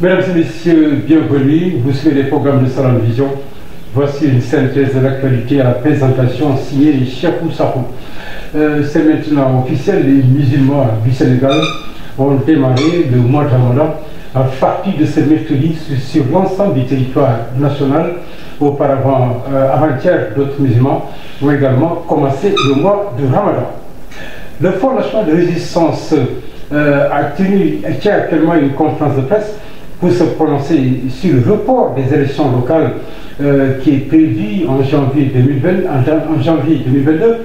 Mesdames et messieurs, bienvenue. Vous suivez les programmes de Salam Vision. Voici une synthèse de l'actualité à la présentation signée les Chakou euh, C'est maintenant officiel, les musulmans du Sénégal ont démarré le mois de Ramadan à partir de ce mercredi sur, l'ensemble du territoire national. Auparavant, euh, avant d'autres musulmans ont également commencé le mois de Ramadan. Le Fonds de résistance euh, a tenu, tient actuellement une conférence pour se prononcer sur le report des élections locales euh, qui est prévu en janvier 2020, en, en janvier 2022.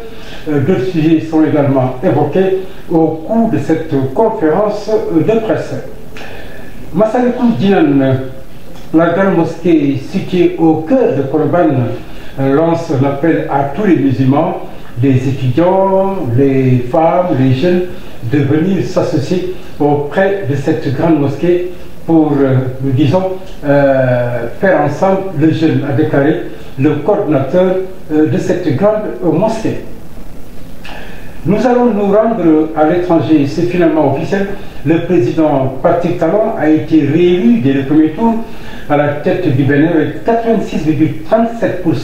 Euh, D'autres sujets sont également évoqués au cours de cette conférence de presse. Massalikul Jinan, la grande mosquée située au cœur de Korban, lance l'appel à tous les musulmans, des étudiants, les femmes, les jeunes, de venir s'associer auprès de cette grande mosquée pour, euh, nous disons, euh, faire ensemble le jeune, a déclaré le coordinateur euh, de cette grande mosquée. Nous allons nous rendre à l'étranger, c'est finalement officiel. Le président Patrick Talon a été réélu dès le premier tour à la tête du Bénin avec 86,37%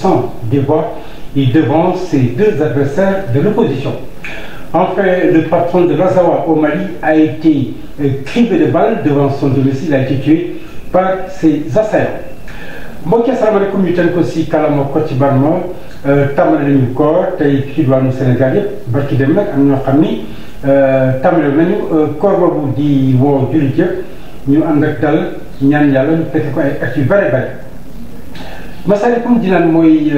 des voix et devant ses deux adversaires de Enfin, le patron de Razawa au Mali a été euh, criblé de balles devant son domicile, a été tué par ses assaillants. mbokk yi asalaamaaleykum ñu tënk ko ko ci Barma euh, tàmbale nañu koor tey kii diwaanu Sénégal yëpp barki dem nag am ñoo xam ni euh, tàmbale nañu koor boobu di woo jullit yëpp ñu ànd ak dal ñaan yàlla ñu fekke ko ay at yu bare bare Massalikul Jinaan mooy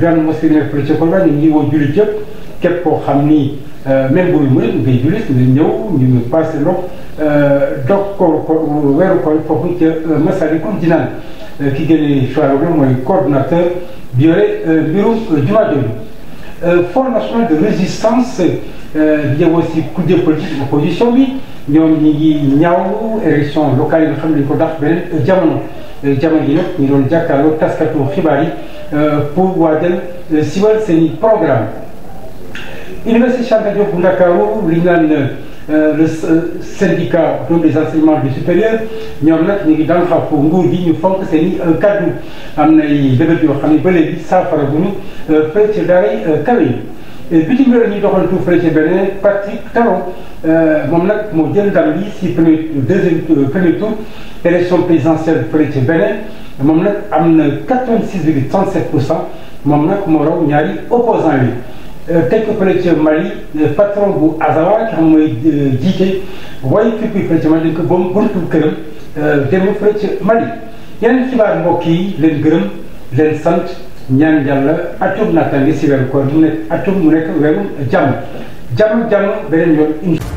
grande mosquée nekk ci Kolda ñu woo jullit yëpp képp koo xam ni Euh, même bu ñu mën ngay jullit nga ñëw ñu ngi passé loxo euh, dog ko ko weeru koy foofu ca euh, Massalikul Jinaan ki bi mooy coordonnateur bi yore mbirum jumaa jooju Front national de résistance jëm aussi kujje politique opposition bi ñoom ñi ngi ñaaw élection locale yi nga xam ne dañu ko dàq jamono jamono yi nag ñu doon jàkkaarloo taskatu xibaar yi pour waajal siwal seen i programme Université Cheikh Anta Diop bu Ndakaaru li ñu naan euh, le syndicat donc des enseignements du supérieur ñoom nag ñu ngi daan xaw nguur gi ñu fonk seen i euh, am na ay débët yoo xam ne ba léegi saafara guñu euh, fële ci daara kaw yi. bitim réew ñuy doxantu fële ci beneen Patrick Talon moom nag moo jël ndam li si premier deuxième premier tour élection présidentielle fële ci beneen moom nag am na 86,37 pour cent moom nag moo raw ñaari opposants yi. Euh, tekki fële ca Mali euh, patron bu Azawa nga xam mooy euh, jiite waaye képp fële ca Mali dañ ko boom buntu këram dem fële ca Mali yeneen xibaar mbokk yi leen gërëm leen sant ñaan yàlla atum naataange si weeru koor mu nekk atum mu nekk weeru jàmm jàmm jàmm beneen yoon.